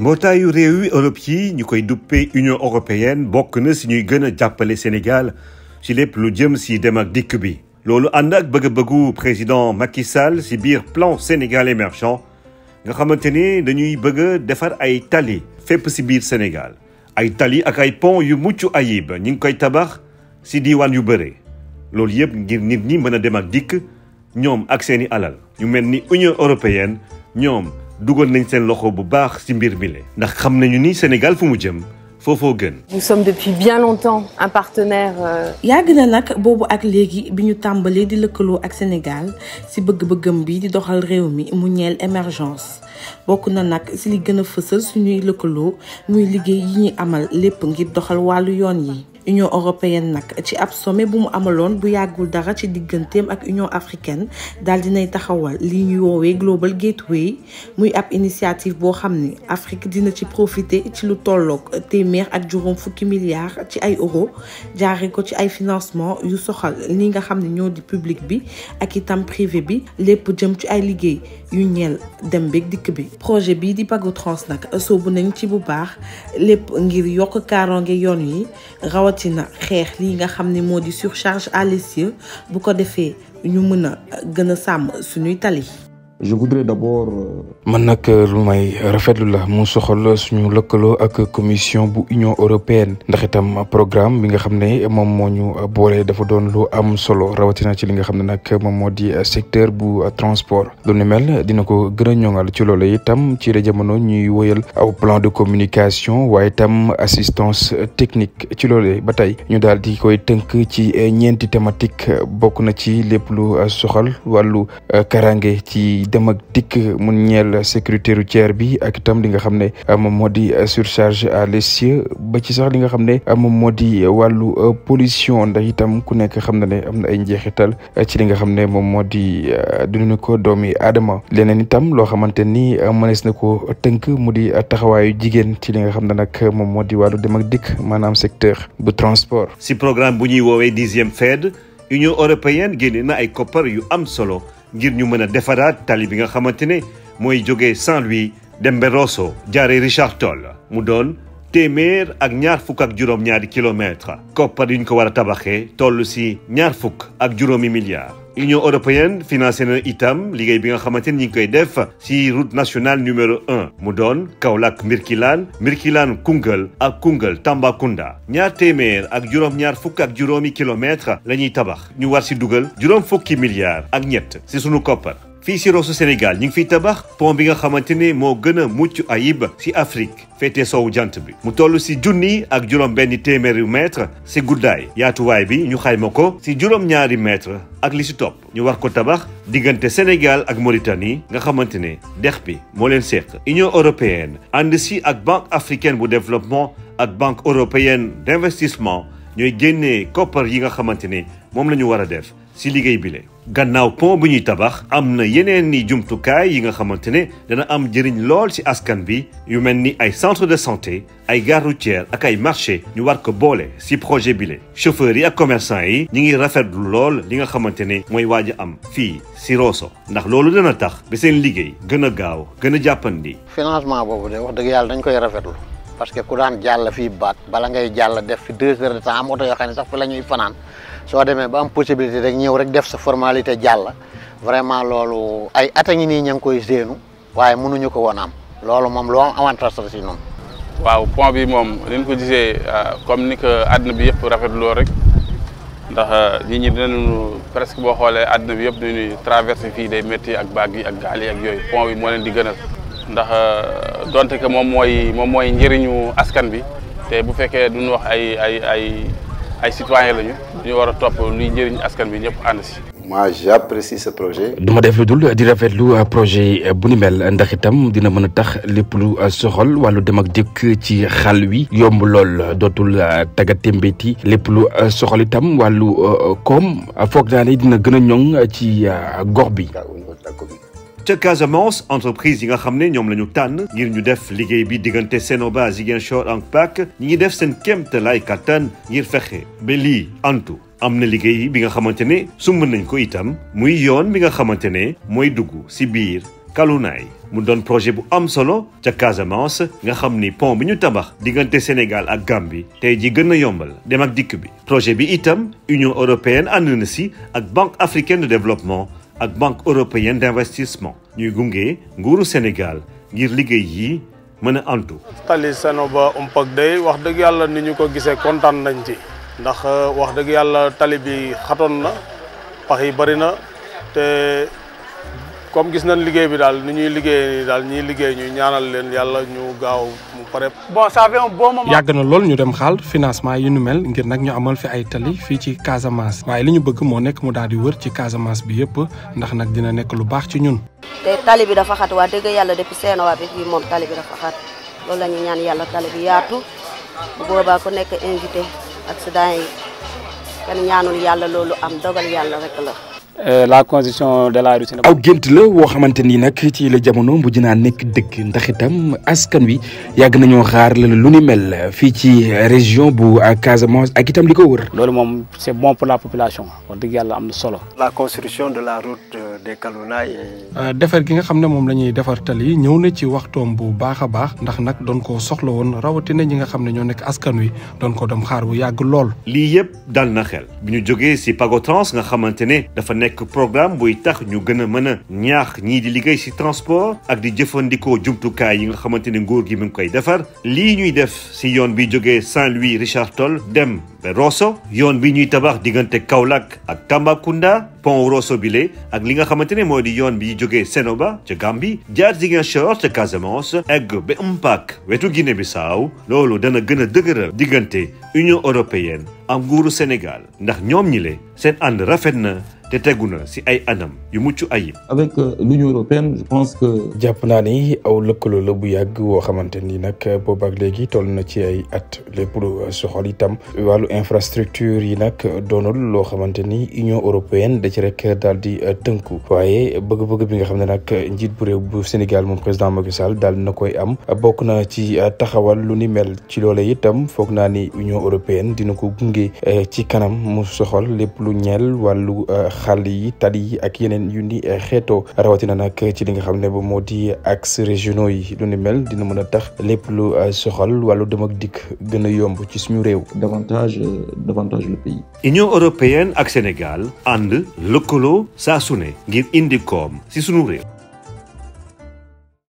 mbootaayu réew yi Europe yi ñu koy duppee Union européenne bokk na si ñuy gën a jàppale Sénégal si lépp lu jëm si dem ak dikk bi. loolu ànd ak bëgg-bëggu président Macky Sall si biir plan Sénégal émergent nga xamante ne dañuy bëgg a defar ay tali fépp si biir Sénégal. ay tali ak ay pont yu mucc ayib ñu ngi koy tabax si diiwaan yu bëre loolu yëpp ngir nit ñi mën a dem dikk ñoom ak seeni alal. ñu mel ni Union européenne ñoom. dugal nañ seen loxo bu baax ci mbir bile ndax xam nañu ni Sénégal fu mu jëm foofoo gën. nous sommes depuis bien longtemps un partenaire. Euh, yàgg na nag boobu ak léegi bi ñu tàmbalee di lëkkaloo ak Sénégal ci bëgg-bëggam bi di doxal réew mi mu ñeel émergence bokk na nag ci li gën a su ñuy lëkkaloo muy liggéey yi ñuy amal lépp ngir doxal wàllu yoon yi. union européenne nag ci ab sommet bu mu amaloon bu yàggul dara ci digganteem ak union africaine daal dinay taxawal li ñuy woowee global gateway muy ab initiative boo xam ni Afrique dina ci profiter ci lu tolloog téeméer ak juróom fukki milliards ci ay euro jaare ko ci ay financement yu soxal ni nga xam ne ñoo di public bi ak itam privé bi lépp jëm ci ay liggéey yu ñeel dem beeg dikk bi projet bii di Pago Trans nag soobu nañ ci bu baax lépp ngir yokk kaarange yoon yi na xeex lii nga xam ne moo di surcharge à l'essieu bu ko defee ñu mën a gën a sàmm suñuy tali je voudrais d'abord. Euh, man nag euh, lu rafetlu la mu soxal suñu lëkkaloo ak commission bu union européenne ndax itam programme bi nga xam ne moom moo ñu boole dafa doon lu am solo rawatina ci li nga xam ne nag moom moo di secteur bu transport. lu ni mel dina ko gën a ñoŋal ci loolu itam ci la jamono ñuy woyal aw plan de communication waaye itam assistance technique ci loolu ba tey ñu daal di koy tënk ci eh, ñeenti thématique bokk na ci lépp lu soxal wàllu eh, karaange ci. dem ak dikk mun ñeel sécurité routière bi ak itam li nga xam ne euh, moom moo di euh, surcharge à l'essieu ba ci sax li nga xam ne euh, moom moo di wàllu pollution ndax itam ku nekk xam na ne am na ay njeexital ci li nga xam ne moom moo di dunu ko doomi aadama leneen itam loo xamante ni mënees na ko tënk mu di taxawaayu jigéen ci li nga xam ne nag moom moo di wàllu dem dikk maanaam secteur bu transport. si programme bu ñuy woowee dixième FED Union européenne génne na ay koppar yu am solo. ngir ñu mën a defaraat tali bi nga xamante ne mooy jóge saint luy dem ba Rosso jaaree Richard Toll mu doon téeméer ak ñaar fukk ak juróom-ñaari kilomètre koppar yu ñu ko war a tabaxee toll si ñaar fukk ak juróomi milliards. Union européenne financé na itam liggéey bi nga xamante ni ñu ngi koy def si route nationale numéro un mu doon Kaolack Mbirkilaan Mbirkilaan Koungheul ak Koungheul Tambacounda ñaar téeméer ak juróom-ñaar fukk ak juróomi kilomètre la ñuy tabax ñu war si dugal juróom fukki milliards ak ñett si sunu koppar. fii si Rosso Sénégal ñu ngi fiy tabax pont bi nga xamante ne moo gën a mucc ayib si Afrique féete soowu jant bi mu toll si junni ak juróom benn téeméeri mètre si guddaay yaatuwaay bi ñu xayma ko si juróom-ñaari mètre ak li si topp ñu war ko tabax diggante Sénégal ak Mauritanie nga xamante ne dex bi moo leen seq Union européenne ànd si ak Banque africaine bu développement ak Banque européenne d'investissement ñooy génnee koppar yi nga xamante ne moom la ñu war a def si liggéey bi le gannaaw pont bu ñuy tabax am na yeneen ni jumtukaay yi nga xamante ne dana am jëriñ lool si askan bi yu mel ni ay centre de santé ay gare routière ak ay marché ñu war ko boole si projet bile le chauffeurs yi ak commerçant yi ñi ngi rafet lu lool li nga xamante ne mooy waaj am fii si Rosso ndax loolu dana tax ba seen liggéey gën a gaaw gën a jàppandi financement boobu de wax dëgg yàlla dañ koy rafetlu parce que ku daan jàll fii baat bala ngay jàll def fi deux heures de temps am oto yoo xam sax fi la fanaan soo demee ba am possibilité rek ñëw rek def sa formalité jàll vraiment loolu ay ata a ngi nii ña ngi koy séenu waaye mënuñu ko wonaam loolu moom loo am avantage la si noonu. waaw pont bi moom li ñu ko euh, comme ni ko àdduna bi yëpp rafetloo rek ndax euh, nit ñi dinañu presque boo xoolee àdduna bi yëpp dañuy fii day métti ak baag yi ak gaal yi yooyu pon bi moo leen di gënal. ndax euh, donte que moom mooy moom mooy njëriñu askan bi te bu fekkee duñu wax ay ay ay ay citoyen lañu ñu war a topp luy njëriñ askan bi ñëpp ànd si. moi j'apprécie projet. du ma def lu dul di rafetlu euh, projet euh, bu ni mel ndax itam dina mën a tax lépp lu soxal wàllu dem ak dikk ci xal wi yomb lool dootul tàggate mbéyti lépp lu soxol itam wàllu koom foog naa ne dina gën a ñoŋ ci gox bi. ca Casamance entreprise yi nga xam ne ñoom la tànn ngir ñu def liggéey bi diggante Sénoba Ziguinchor ak Mpaak ñi ngi def seen kéemtalaay kàttan ngir fexe ba lii antu am na liggéey bi nga xamante ne sumb nañ ko itam muy yoon bi nga xamante ne mooy dugg si biir Kalunaay mu doon projet bu am solo ca Casamance nga xam ni pont bi ñu tabax diggante Sénégal ak Gambie tey ji gën a yombal dem ak dikk bi projet bi itam Union européenne ànd na si ak Banque africaine de développement ak banque européenne d'investissement ñuy gunge nguuru Sénégal ngir liggéey yi mën a antu tali seno ba Ompag day wax dëgg yàlla ni ñu ko gisee kontaan nañ ci ndax euh, wax dëgg yàlla tali bi xatoon na pax na te comme gis nañ liggéey bi daal ni ñuy liggéey daal ñiy liggéey ñu ñaanal leen yàlla ñu gaaw mu pare. bon ça fait yàgg na lool ñu dem xaal financement yi nu mel ngir nag ñu amal fi ay tali fii ci Casamance waaye li ñu bëgg moo nekk mu daal di wër ci Casamance bi yëpp ndax nag dina nekk lu baax ci ñun. te tali bi dafa xat waa dëgg yàlla depuis seen waa bi fii moom tali dafa xat loolu la ñaan yàlla tali yaatu bu boobaa ku nekk invité accident yi kenn ñaanul yàlla loolu am dogal yàlla la. Euh, la constitution de la Russie. aw gént la woo xamante ni nag ci la jamono mujj naa nekk dëgg ndax itam askan wi yàgg nañoo xaar la lu ni mel fii ci région bu Casamance ak itam li ko wër. loolu moom c'est bon la population wax yàlla am na solo. la construction de la route euh, des Kaluna euh, defar gi nga xam ne moom la ñuy defar tali ñëw na ci waxtoom bu baax a baax ndax nag doon ko soxla woon rawatina ñi nga xam ne ñoo nekk askan wi doon ko dem xaar bu yàgg lool. lii yëpp dal na xel bu ñu jógee si Pagotrans nga xamante ne dafa nekk nekk programme buy tax ñu gën a mën a ñaax ñii di liggéey ci transport ak di jëfandikoo jumtukaay yi nga xamante ne nguur gi mi ngi koy defar lii ñuy def ci yoon bi jógee Saint-Louis Richard Toll dem ba Rosso yoon bi ñuy tabax diggante Kaolack ak Tambacounda pont Rosso bile ak li nga xamante ne moo di yoon bi jógee Sénoba ca Gambie jaar Ziguinchor ca Casamance egg ba Mpaak wetu Guinée Bissau loolu dana gën a dëgëral diggante Union européenne am nguuru Sénégal ndax ñoom ñi le seen ànd rafet na te tegu si ay anam yu mucc ayib. avec euh, l'union européenne jàpp naa ni aw lëkkaloo la bu yàgg woo xamante ni nag boobaak léegi toll na ci ay at lépp lu soxal itam wàllu infrastructure yi nag doonul loo xamante ni union européenne da ci rek daal di euh, tënku waaye bëgg-bëgg bi nga xam ne nag njiit bu réew bu Sénégal moom président Macky Sall daal na koy am bokk na ci euh, taxawal lu ni mel ci loole itam foog naa ni union européenne dina ko gunge ci kanam mu soxol lépp lu ñeel wàllu. xàll yi tali yi ak yeneen yu ni xeetoo rawatina nag ci li nga xam ne ba moo di axes régionaux yi lu ni mel dina mën a tax lépp lu euh, soxal wàllu dem ak dikk gën a yomb ci suñu réew. davantage euh, davantage le pays. Union européenne ak Sénégal ànd lëkkaloo saa su ngir indi koom ci suñu réew.